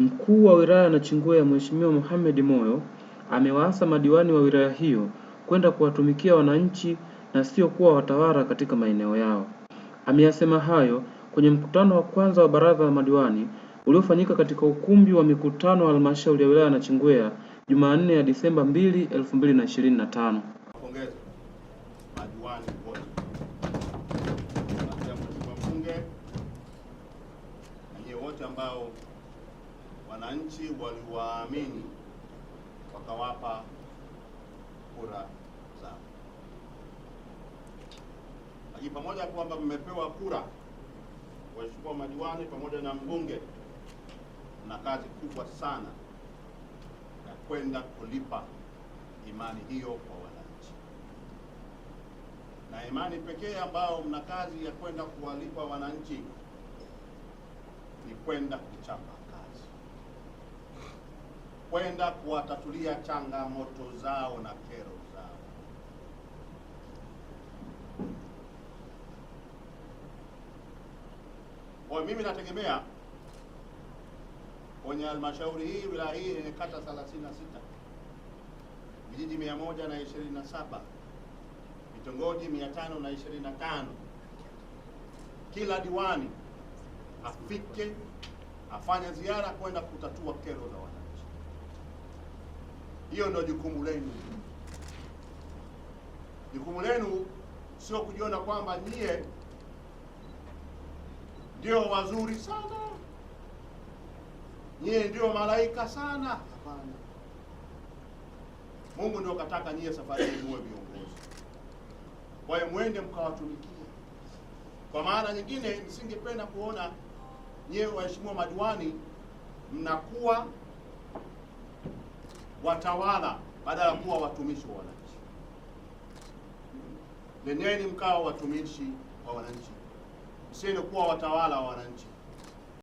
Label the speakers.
Speaker 1: Mkuu wa wilaya ya Nachingwea Mheshimiwa Mohamed Moyo amewaasa madiwani wa wilaya hiyo kwenda kuwatumikia wananchi na sio kuwa watawala katika maeneo yao. Ameyasema hayo kwenye mkutano wa kwanza wa baraza la madiwani uliofanyika katika ukumbi wa mikutano wa halmashauri ya wilaya na Nachingwea Jumanne ya Disemba 2, 2025.
Speaker 2: ambao wananchi waliwaamini wakawapa kura zao. Lakini pamoja kwamba mmepewa kura, waheshimiwa madiwani pamoja na mbunge, na kazi kubwa sana ya kwenda kulipa imani hiyo kwa wananchi, na imani pekee ambayo mna kazi ya kwenda kuwalipa wananchi ni kwenda kuchapa kwenda kuwatatulia changamoto zao na kero zao. Kwa mimi nategemea kwenye halmashauri hii wilaya hii yenye kata 36 vijiji 127 vitongoji 525 kila diwani afike afanye ziara kwenda kutatua kero za wananchi. Hiyo ndio jukumu lenu. Jukumu lenu sio kujiona kwamba nyie ndio wazuri sana, nyie ndio malaika sana. Hapana, Mungu ndio kataka nyie safari hii muwe viongozi, kwa hiyo mwende mkawatumikie. Kwa maana nyingine, nisingependa kuona nyie waheshimiwa madiwani mnakuwa watawala badala ya kuwa watumishi wa wananchi. Nendeni mkawa watumishi wa wananchi, msiende kuwa watawala wa wananchi.